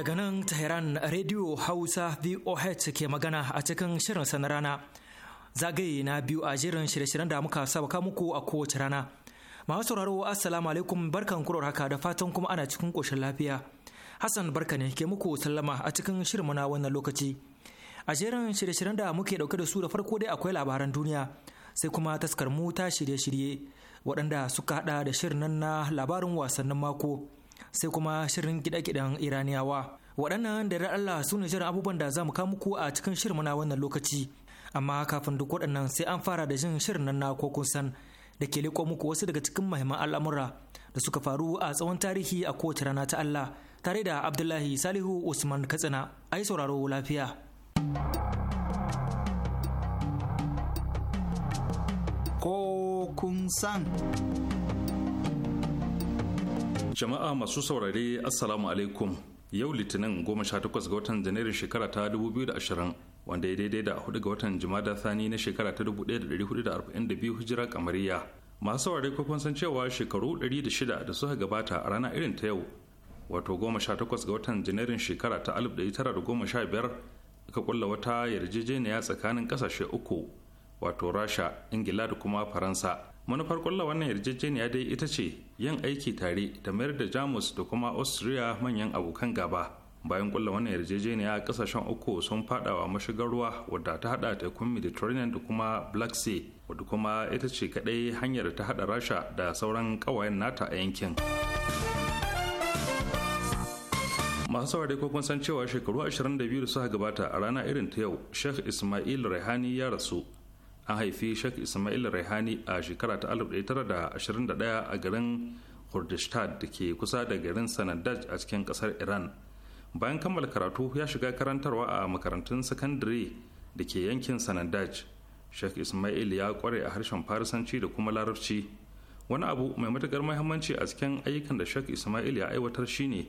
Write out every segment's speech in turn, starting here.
Daga nan Tehran Radio Hausa VOH ke magana a cikin shirin sana rana. Zagaye na biyu a jirin shirye-shiryen da muka sabaka muku a kowace rana. Masu sauraro Assalamu alaikum barkan kurar haka da fatan kuma ana cikin koshin lafiya. Hassan barka ne ke muku sallama a cikin shirin na wannan lokaci. A jerin shirye-shiryen da muke dauke da su da farko dai akwai labaran duniya sai kuma taskar mu ta shirye-shirye waɗanda suka hada da shirin nan na labarin wasannin mako. sai kuma shirin gida-gidan iraniyawa waɗannan da Allah su ne shirin abubuwan da za mu kawo muku a cikin shirin na wannan lokaci amma kafin duk waɗannan sai an fara da jin shirin nan na ko kun san da ke leƙo muku wasu daga cikin mahimman al'amura da suka faru a tsawon tarihi a kowace rana ta Allah tare da Abdullahi Salihu Usman Katsina ai sauraro lafiya. Ko kun san. jama'a masu saurare assalamu alaikum yau litinin 18 ga watan janairun shekara ta 2020 wanda ya daidai da 4 ga watan jimada thani na shekara ta 1442 hijira kamariya masu saurare kwakwan san cewa shekaru 106 da suka gabata a rana irin ta yau wato 18 ga watan janairun shekara ta 1915 aka kulla wata yarjejeniya tsakanin kasashe uku wato rasha ingila da kuma faransa manufar kulla wannan yarjejeniya dai ita ce yin aiki tare da mayar da jamus da kuma austria manyan abokan gaba bayan kulla wannan yarjejeniya kasashen uku sun fadawa mashigar ruwa wadda ta hada tekun mediterranean da kuma black sea wadda kuma ita ce kadai hanyar ta hada rasha da sauran kawayen nata a yankin masu saurari ko kun san cewa shekaru 22 da suka gabata a rana irin ta yau sheikh ismail rehani ya rasu an haifi Sheikh Ismail Rehani a shekara ta 1921 a garin Kurdistan da ke kusa da garin Sanadaj a cikin kasar Iran. Bayan kammala karatu ya shiga karantarwa a makarantun sakandare da ke yankin Sanadaj. shek Ismail ya kware a harshen Farisanci da kuma Larabci. Wani abu mai matukar muhimmanci a cikin ayyukan da shek Ismail ya aiwatar shine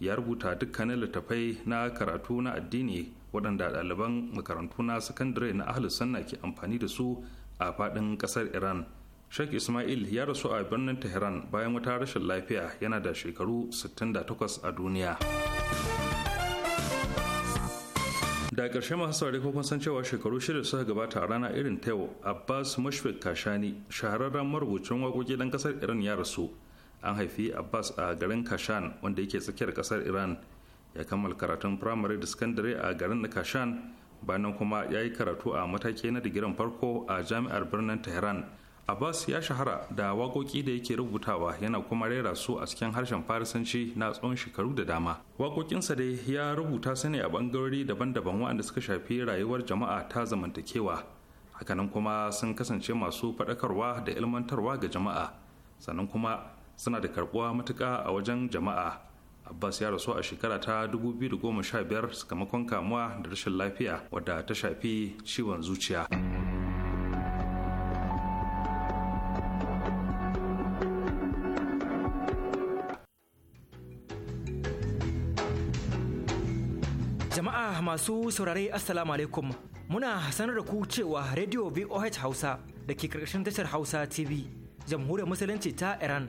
ya rubuta dukkanin littattafai na karatu na addini waɗanda ɗaliban makarantu na sakandare na ahal sanna ke amfani da su a faɗin ƙasar iran Sheikh Ismail ya rasu a birnin Tehran bayan wata rashin lafiya yana da shekaru 68 a duniya. Da ƙarshe masu saurari ko kun san cewa shekaru shida suka gabata a rana irin ta yau, Abbas Mushfik Kashani, shahararren marubucin waƙoƙi ɗan ƙasar Iran ya rasu. An haifi Abbas a garin Kashan wanda yake tsakiyar ƙasar Iran ya kammala karatun firamare da sakandare a garin nakashan bayan kuma ya yi karatu a mataki na digirin farko a jami'ar birnin tehran abbas ya shahara da waƙoƙi da yake rubutawa yana kuma rera su a cikin harshen farisanci na tsawon shekaru da dama waƙoƙinsa dai ya rubuta su ne a bangarori daban-daban waɗanda suka shafi rayuwar jama'a ta zamantakewa hakanan kuma sun kasance masu faɗakarwa da ilmantarwa ga jama'a sannan kuma suna da karɓuwa matuƙa a wajen jama'a abbas ya rasu a shekara ta 2015 sakamakon kamuwa da rashin lafiya wadda ta shafi ciwon zuciya jama'a masu saurare assalamu alaikum muna sanar da ku cewa radio voh hausa da ke karkashin tashar hausa tv jamhuriyar musulunci ta iran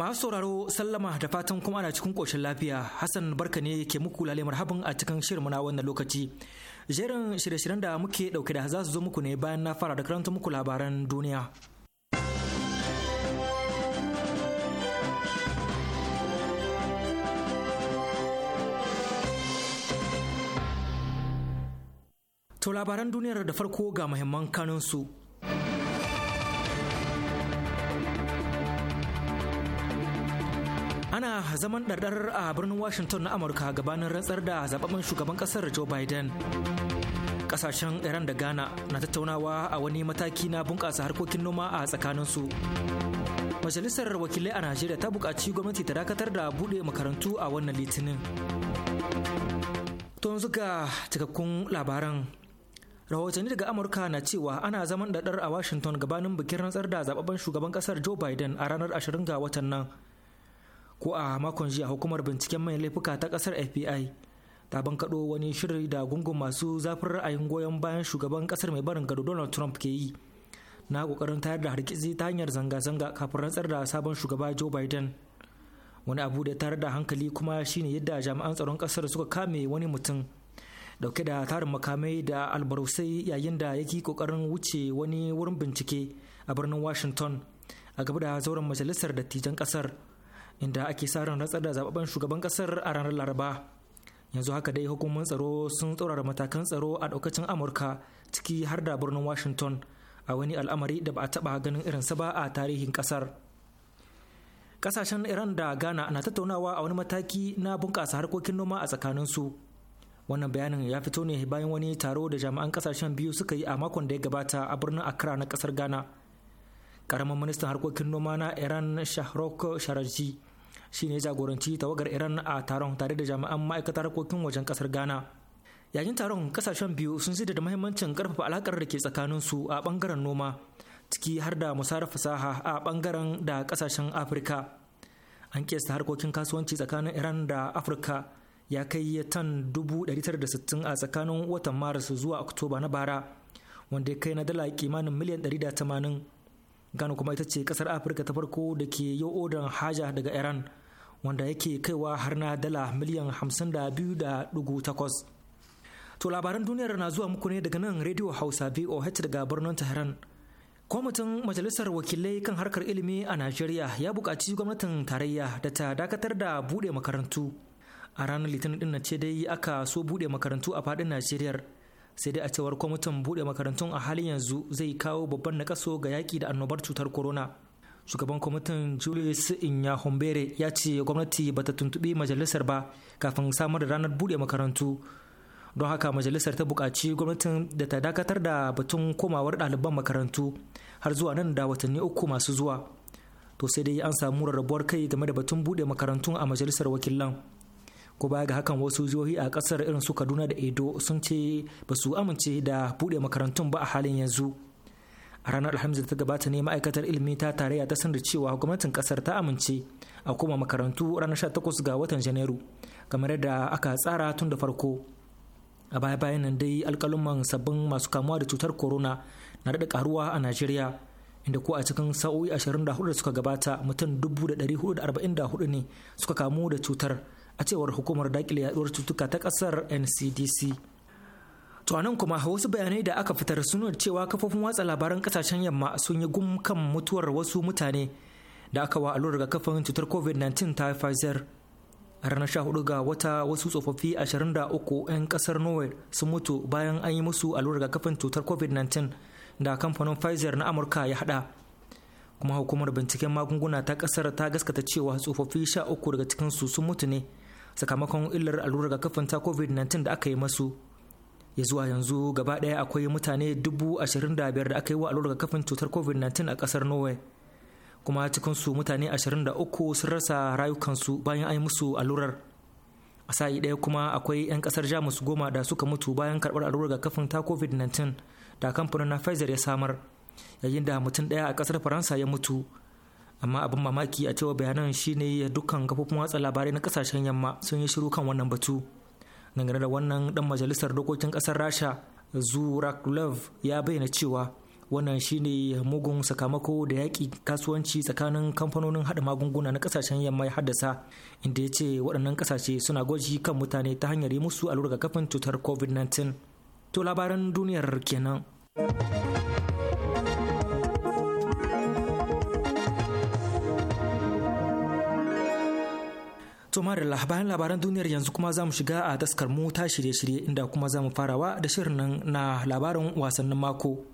Masu sauraro sallama da fatan kuma ana cikin ƙoshin lafiya Hassan barka ne ke muku lalle marhaban a cikin shirin na wannan lokaci. Jerin shirye-shiryen da muke ɗauke da za su zo muku ne bayan na fara da karanta muku labaran duniya. To labaran duniyar da farko ga muhimman kanunsu. ana zaman ɗarɗar a birnin washington na amurka gabanin rantsar da zababben shugaban ƙasar joe biden ƙasashen iran da ghana na tattaunawa a wani mataki na bunƙasa harkokin noma a tsakaninsu majalisar wakilai a najeriya ta buƙaci gwamnati ta dakatar da buɗe makarantu a wannan litinin to yanzu ga cikakkun labaran rahotanni daga amurka na cewa ana zaman ɗaɗar a washington gabanin bikin rantsar da zababben shugaban ƙasar joe biden a ranar 20 ga watan nan ko a makon jiya hukumar binciken mai laifuka ta kasar fbi ta bankaɗo wani shirin da gungun masu zafin ra'ayin goyon bayan shugaban kasar mai barin gado donald trump ke yi na kokarin tayar da hargitsi ta hanyar zanga-zanga kafin rantsar da sabon shugaba joe biden wani abu da tayar da hankali kuma shine yadda jami'an tsaron kasar suka kame wani mutum dauke da tarin makamai da albarusai yayin da yake kokarin wuce wani wurin bincike a birnin washington a gaba da zauren majalisar dattijan kasar inda ake sa ran rantsar da zababben shugaban kasar a ranar laraba yanzu haka dai hukumomin tsaro sun tsaurara matakan tsaro a daukacin amurka ciki har da birnin washington a wani al'amari da ba a taba ganin irinsa ba a tarihin kasar kasashen iran da ghana na tattaunawa a wani mataki na bunkasa harkokin noma a su wannan bayanin ya fito ne bayan wani taro da jami'an kasashen biyu suka yi a makon da ya gabata a birnin accra na kasar ghana karamin ministan harkokin noma na iran shahrok sharaji Shi ne jagoranci tawagar iran a taron tare da jami'an ma'aikatar harkokin wajen kasar ghana yayin taron kasashen biyu sun zida da mahimmancin karfafa alakar da ke tsakanin su a bangaren noma ciki har da musara fasaha a bangaren da kasashen afirka an kesa harkokin kasuwanci tsakanin iran da afirka ya kai tan sittin a tsakanin watan maris zuwa oktoba na bara wanda ya kai na dala kimanin miliyan tamanin. Ghana kuma ita ce kasar Afirka ta farko da ke yi odan haja daga Iran wanda yake kaiwa har na dala miliyan 52.8. To labaran duniyar na zuwa muku ne daga nan Radio Hausa VOH daga birnin Tehran. Kwamitin Majalisar Wakilai kan harkar ilimi a Najeriya ya bukaci gwamnatin tarayya da ta dakatar da buɗe makarantu. A ranar Litinin ɗin ce dai aka so buɗe makarantu a faɗin nigeria. sai dai a cewar kwamitin bude makarantun a halin yanzu zai kawo babban nakaso ga yaki da annobar cutar corona shugaban kwamitin julius inyahombere ya ce gwamnati ba ta tuntubi majalisar ba kafin samar da ranar bude makarantu don haka majalisar ta buƙaci gwamnatin da ta dakatar da batun komawar ɗaliban makarantu har zuwa nan da watanni uku masu zuwa to sai dai an samu rarrabuwar kai game da batun bude makarantun a majalisar wakilan ko baya ga hakan wasu jihohi a kasar irin su kaduna da edo sun ce ba su amince da buɗe makarantun ba a halin yanzu a ranar alhamis da ta gabata ne ma'aikatar ilimi ta tarayya ta sanar cewa gwamnatin kasar ta amince a koma makarantu ranar 18 ga watan janairu kamar yadda aka tsara tun da farko a baya bayan nan dai alkaluman sabbin masu kamuwa da cutar corona na daɗa karuwa a najeriya inda ko a cikin sa'o'i 24 da suka gabata mutum 444 ne suka kamu da cutar a cewar hukumar dakile yaduwar cutuka ta kasar ncdc to nan kuma wasu bayanai da aka fitar sun nuna cewa kafofin watsa labaran kasashen yamma sun yi gum mutuwar wasu mutane da aka wa allurar kafan cutar covid-19 ta pfizer a ranar 14 ga wata wasu tsofaffi ashirin 23 'yan kasar norway sun mutu bayan an yi musu allurar kafin cutar covid-19 da kamfanin pfizer na amurka ya hada kuma hukumar binciken magunguna ta kasar ta gaskata cewa tsofaffi uku daga cikinsu sun mutu ne sakamakon illar allurar rigakafin ta covid-19 da aka yi masu ya zuwa yanzu gaba ɗaya akwai mutane dubu da aka yi wa allurar rigakafin cutar covid-19 a kasar norway kuma cikin su mutane ashirin da uku sun rasa rayukansu bayan an yi musu allurar a sa'i ɗaya kuma akwai 'yan ƙasar jamus goma da suka mutu bayan karbar allurar rigakafin ta covid-19 da kamfanin na pfizer ya samar yayin da mutum ɗaya a ƙasar faransa ya mutu amma abin mamaki a cewa bayanan shine dukkan kafofin watsa labarai na kasashen yamma sun yi shiru kan wannan batu dangane da wannan dan majalisar dokokin kasar rasha zuraklov ya bayyana cewa wannan shine mugun sakamako da yaƙi kasuwanci tsakanin kamfanonin haɗa magunguna na kasashen yamma ya haddasa inda ya ce waɗannan kasashe suna gwaji kan mutane ta hanyar yi musu allurar kafin cutar covid-19 to labaran duniyar kenan To Marilla bayan labaran duniyar yanzu kuma za mu shiga a daskar mu ta shirye-shirye inda kuma za mu farawa da shirin nan na labarin wasannin mako.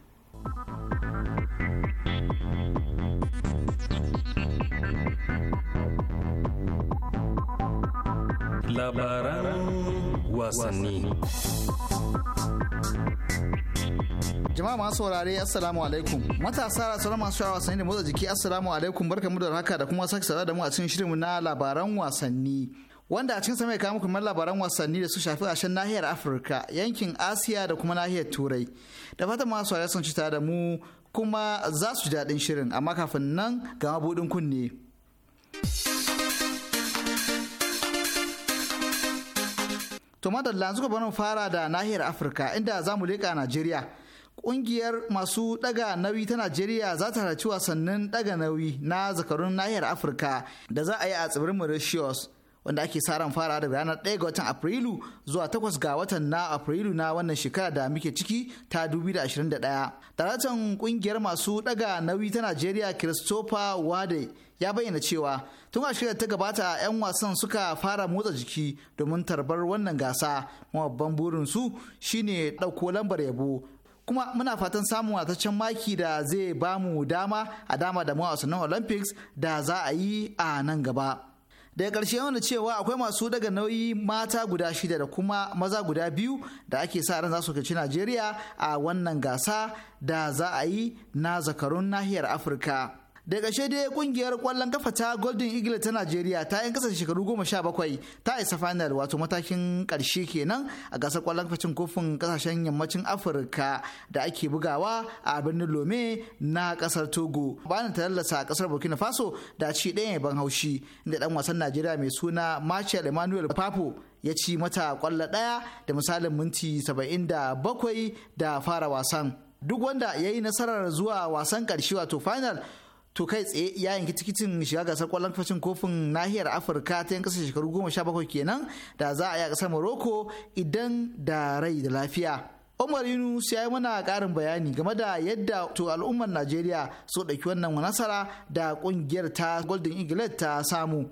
Labaran wasanni. jama'a masu saurare assalamu alaikum matasa da sauran masu shawar wasanni da motsa jiki assalamu alaikum barkamu da haka da kuma sake saurara da mu a cikin shirinmu na labaran wasanni wanda a cikin sa mai kawo muku labaran wasanni da su shafi ashen nahiyar afirka yankin asiya da kuma nahiyar turai da fatan masu saurare sun cita da mu kuma za su ji daɗin shirin amma kafin nan ga mabuɗin kunne. To madalla suka bari fara da nahiyar Afirka inda za mu leƙa Najeriya. Ƙungiyar masu ɗaga nauyi ta Najeriya za ta halarci wasannin ɗaga nauyi na zakarun nahiyar Afirka da za a yi a tsibirin Mauritius wanda ake sa ran fara daga ranar 1 ga watan Afrilu zuwa takwas ga watan na Afrilu na wannan shekara da muke ciki ta 2021. Daratan ƙungiyar masu ɗaga nauyi ta Najeriya Christopher Wade ya bayyana cewa tun a shirya ta gabata 'yan wasan suka fara motsa jiki domin tarbar wannan gasa kuma babban su shine ɗauko lambar yabo kuma muna fatan samun wataccen maki da zai bamu dama a dama da wasannin olympics da za a yi a nan gaba daga ƙarshe yana cewa akwai masu daga nauyi mata guda shida da kuma maza guda biyu da ake sa ran za su kaci najeriya a wannan gasa da za a yi na zakarun nahiyar afirka da ƙarshe dai kungiyar kwallon kafa ta golden eagle ta nigeria ta yan kasa shekaru goma sha bakwai ta isa final wato matakin ƙarshe kenan a gasar kwallon kafa cin kofin ƙasashen yammacin afirka da ake bugawa a birnin lome na ƙasar togo bayan ta lallasa ƙasar burkina faso da ci ɗaya ban haushi inda ɗan wasan nigeria mai suna marshal emmanuel papo ya ci mata ƙwallo ɗaya da misalin minti saba'in da bakwai da fara wasan duk wanda ya yi nasarar zuwa wasan ƙarshe wato final to kai tsaye ya yanki tikitin shiga gasar kwallon kafacin kofin nahiyar afirka ta yan kasar shekaru goma sha bakwai kenan da za a yi a kasar morocco idan da rai da lafiya Umar Yunus ya yi mana karin bayani game da yadda to al'ummar Najeriya so ɗauki wannan nasara da ƙungiyar ta Golden Eaglet ta samu.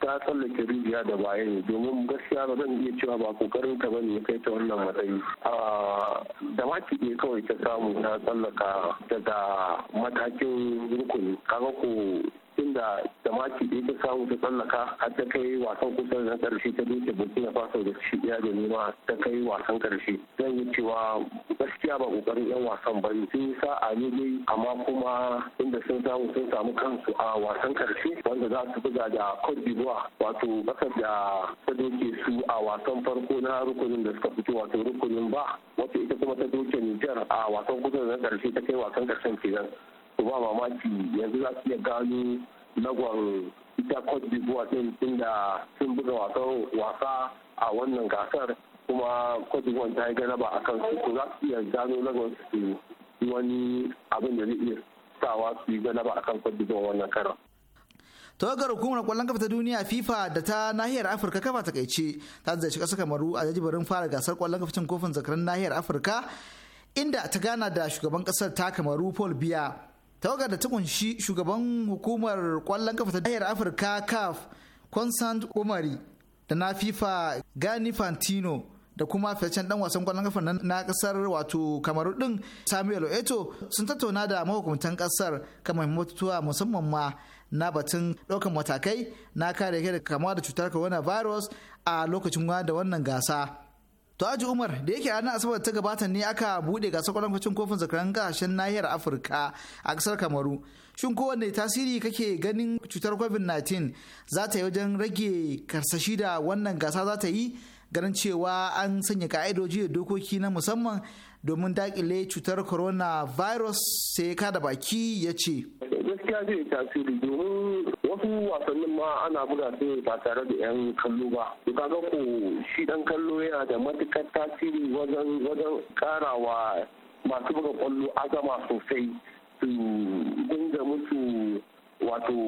ta tsallake rijiya da baya ne domin gaskiya ba zan iya cewa ba kokarin ta bane ya kai ta wannan matsayi da maki ne kawai ta samu ta tsallaka daga matakin rukuni kaga ko inda da maki da ta samu ta tsallaka har ta kai wasan kusan na karshe ta doke burkina faso da shi ya da nema ta kai wasan karshe zan yi cewa gaskiya ba kokarin yan wasan ba sun yi sa'a ne dai amma kuma inda sun samu sun samu kansu a wasan karshe wanda za su buga da cote d'ivoire wato kasar da ta doke su a wasan farko na rukunin da suka fito wato rukunin ba wato ita kuma ta doke nijar a wasan kusan na karshe ta kai wasan karshen kenan to ba mamaki yanzu za su iya gano lagon ita cote d'ivoire din inda sun buga wasan wasa a wannan gasar kuma cote d'ivoire ta yi galaba a kan su za su iya gano lagon su wani abin da zai iya sawa su yi galaba a kan cote d'ivoire wannan karan tawagar hukumar kwallon kafa ta duniya fifa da ta nahiyar afirka kafa ta kaice ta zai kasa kamaru a jajibarin fara gasar kwallon kafa cin kofin zakaran nahiyar afirka inda ta gana da shugaban kasar ta kamaru paul biya tawagar da ta kunshi shugaban hukumar kwallon kafa ta jihar afirka caf constant umari da na fifa gani fantino da kuma fitaccen dan wasan kwallon kafa na kasar wato kamaru din samuel eto sun tattauna da mahukuntan kasar kamar mutuwa musamman ma na batun daukan matakai na kare kai da kamuwa da cutar coronavirus a lokacin da wannan gasa Saji Umar da yake ranar Asabar ta gabata ne aka bude gasar kwacin kofin zakaran kasashen nahiyar Afirka a kasar Kamaru. Shin kowanne tasiri kake ganin cutar COVID-19 za ta yi wajen rage karsashi da wannan gasa za ta yi ganin cewa an sanya ka'idoji da dokoki na musamman domin dakile cutar corona virus sai ka da baki ya ce. gaskiya zai tasiri domin wasu wasannin ma ana buga su ba tare da yan kallo ba to kaga ko shi dan kallo yana da matukar tasiri wajen wajen karawa masu buga kwallo azama sosai su dinga musu wato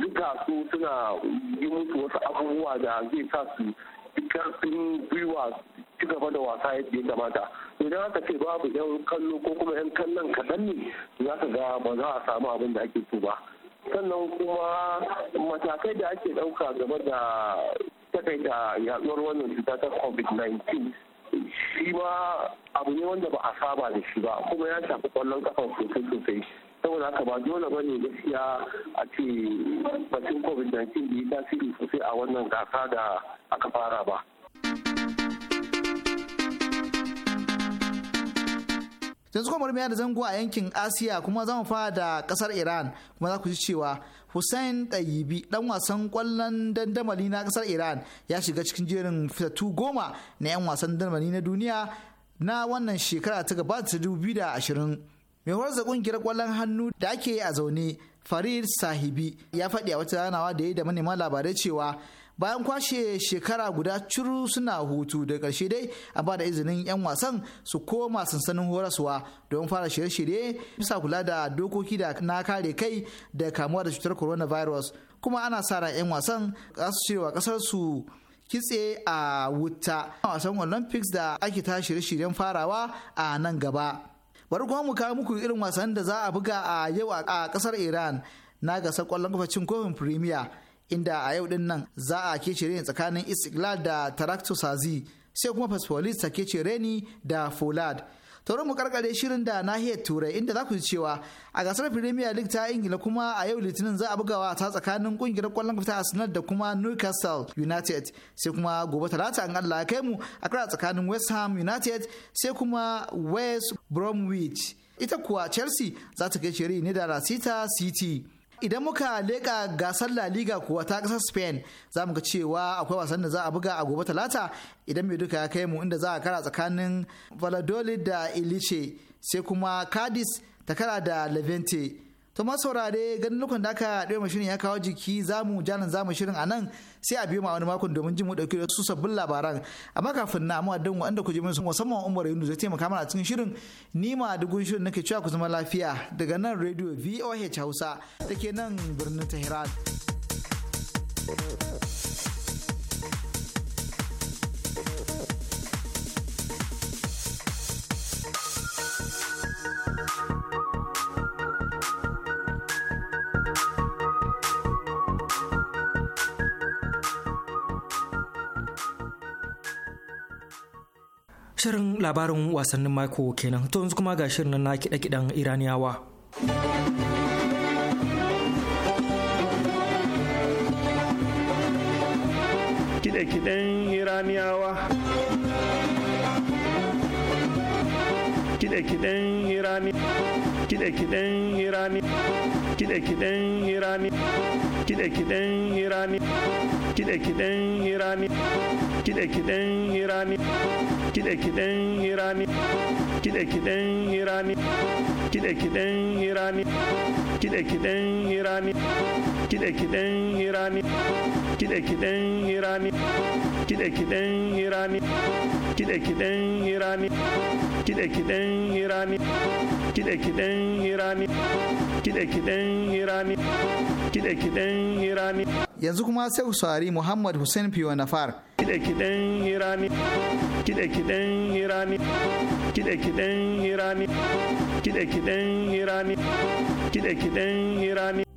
duka su suna yi musu wasu abubuwa da zai sa su karfin gwiwa ci gaba da wasa yadda ya kamata idan aka ce babu yan kallo ko kuma yan kallon kaɗan ne za ka ga ba za a samu abin da ake so ba sannan kuma matakai da ake ɗauka game da takaita yaduwar wannan cuta ta covid-19 shi ma abu ne wanda ba a saba da shi ba kuma ya shafi kwallon kafa sosai sosai saboda haka ba dole ba ne gaskiya a ce batun covid-19 bai tasiri sosai a wannan gasa da aka fara ba yanzu kuma bari da zango a yankin asiya kuma zama fara da kasar iran kuma za ku ji cewa hussein ɗayibi ɗan wasan ƙwallon dandamali na kasar iran ya shiga cikin jerin fitattu goma na 'yan wasan dandamali na duniya na wannan shekara ta gabata ta ashirin. mai horar kungiyar kwallon hannu da ake yi a zaune farid sahibi ya faɗi a wata ranawa da ya yi da manema labarai cewa bayan kwashe shekara guda curu suna hutu da ƙarshe dai a ba da izinin 'yan wasan su koma sansanin horaswa don fara shirye-shirye bisa kula da dokoki da na kare kai da kamuwa da cutar coronavirus kuma ana sa ran 'yan wasan za su cewa ƙasar su kitse a wuta A wasan olympics da ake ta shirye-shiryen farawa a nan gaba bari kuma mu kawo muku irin wasan da za a buga a yau a kasar iran na gasar kwallon kafa cin kofin premier inda a yau din nan za a kece reni tsakanin istiklal da tarakto sazi sai kuma fasfolis ta kece reni da folad taurin mu karkare shirin da nahiyar turai inda za ku ji cewa a gasar premier league ta ingila kuma a yau litinin za a bugawa ta tsakanin kungiyar kwallon kafa ta arsenal da kuma newcastle united sai kuma gobe talata an allah kai mu a kara tsakanin west ham united sai kuma west bromwich ita kuwa chelsea za ta kai shiri ne da rasita city idan muka leƙa gasar La Liga kuwa ta ƙasar Spain za mu ga cewa akwai wasan da za a buga a gobe talata idan mai duka ya kai mu inda za a kara tsakanin Valladolid da Ilice sai kuma Cadiz ta kara da Levante to ma saurare ganin lokacin da aka ɗaya shirin ya kawo jiki za mu janin za mu shirin a nan sai a biyo ma wani makon domin jin mu ɗauki da su sabbin labaran amma kafin na mu don wanda ku ji mun musamman Umar Yunus zai taimaka mana a cikin shirin ni ma dugun shirin nake cewa ku zama lafiya daga nan radio VOH Hausa take nan birnin Tehran. Shirin labarin wasannin mako kenan to yanzu kuma ga shirin na kiɗe-kiɗen Iraniyawa. Kiɗe-kiɗen Iraniyawa. Kiɗe-kiɗen iraniyawa Kiɗe-kiɗen iraniyawa Kiɗe-kiɗen kide-kiden irani kide-kiden irani kide-kiden irani kide-kiden irani kide-kiden irani kide-kiden irani kide-kiden irani kide-kiden irani kide-kiden irani kide-kiden irani kide-kiden irani kide-kiden irani kide-kiden irani kide-kiden irani irani yanzu kuma sai ku saurari muhammad hussein fiyo nafar kide-kiden irani kide-kiden irani kide-kiden irani kide-kiden irani kide-kiden irani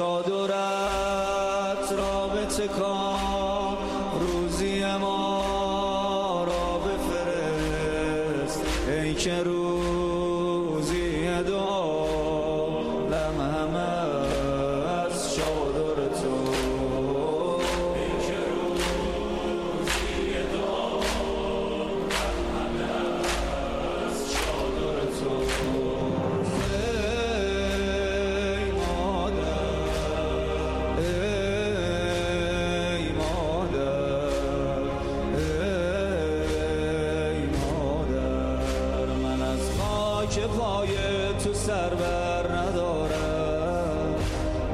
چادرت را بتکان سر بر ندارم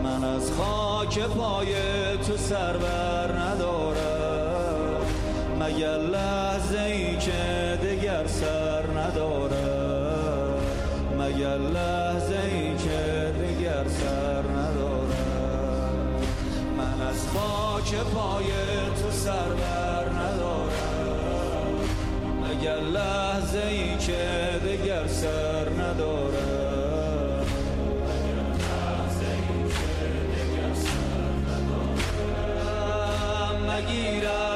من از خاک پای تو سر بر ندارم مگر لحظه ای که دگر سر ندارم مگر لحظه ای که دگر سر ندارم من از خاک پای تو سر بر ندارم مگر لحظه ای که دگر سر ندارم gira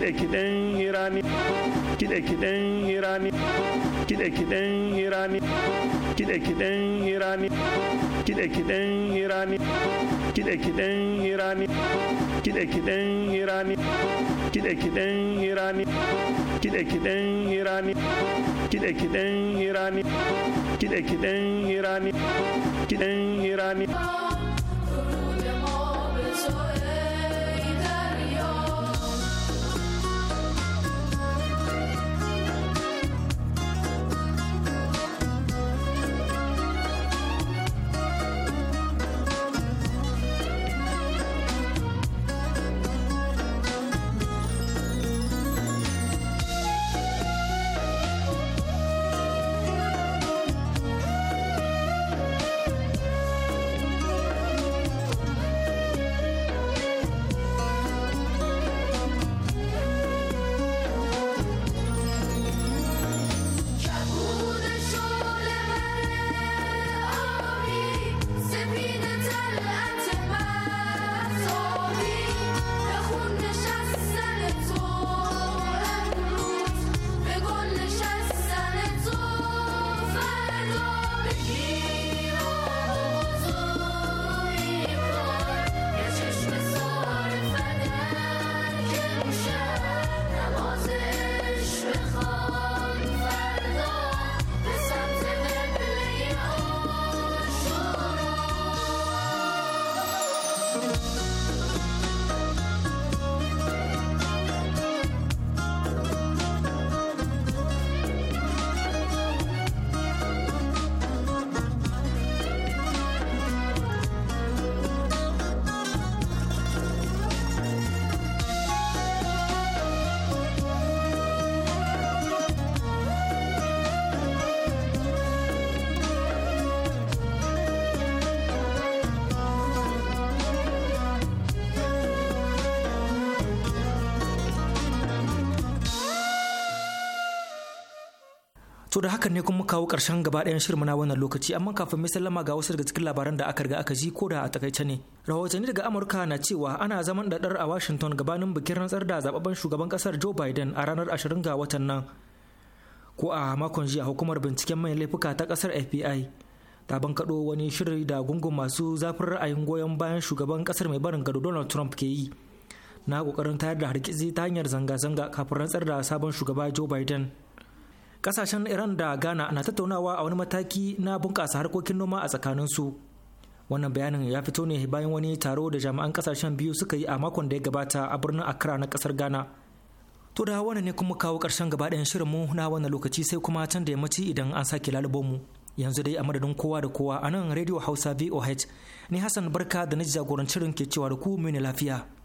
kide-kiden irani kide-kiden irani kide-kiden irani kide-kiden irani kide-kiden irani kide-kiden irani kide-kiden irani kide-kiden irani kide-kiden irani kide-kiden irani kide-kiden irani kiden irani To da hakan ne kuma kawo karshen gaba ɗayan shirin na wannan lokaci amma kafin mai sallama ga wasu daga cikin labaran da aka riga aka ji ko da a takaice ne. Rahotanni daga Amurka na cewa ana zaman ɗaɗar a Washington gabanin bikin rantsar da zababben shugaban ƙasar Joe Biden a ranar 20 ga watan nan. Ko a makon jiya hukumar binciken mai laifuka ta ƙasar FBI ta bankaɗo wani shirin da gungun masu zafin ra'ayin goyon bayan shugaban kasar mai barin gado Donald Trump ke yi. Na kokarin tayar da hargitsi ta hanyar zanga-zanga kafin rantsar da sabon shugaba Joe Biden. kasashen iran da ghana na tattaunawa a wani mataki na bunƙasa harkokin noma a tsakaninsu wannan bayanin ya fito ne bayan wani taro da jami'an kasashen biyu suka yi a makon da ya gabata a birnin accra na kasar ghana to da wannan ne kuma kawo ƙarshen gaba ɗayan shirinmu na wannan lokaci sai kuma can da yammaci idan an sake lalubo mu yanzu dai a madadin kowa da kowa a nan radio hausa voh ni hassan barka da na jagorancin ke cewa da ku mai lafiya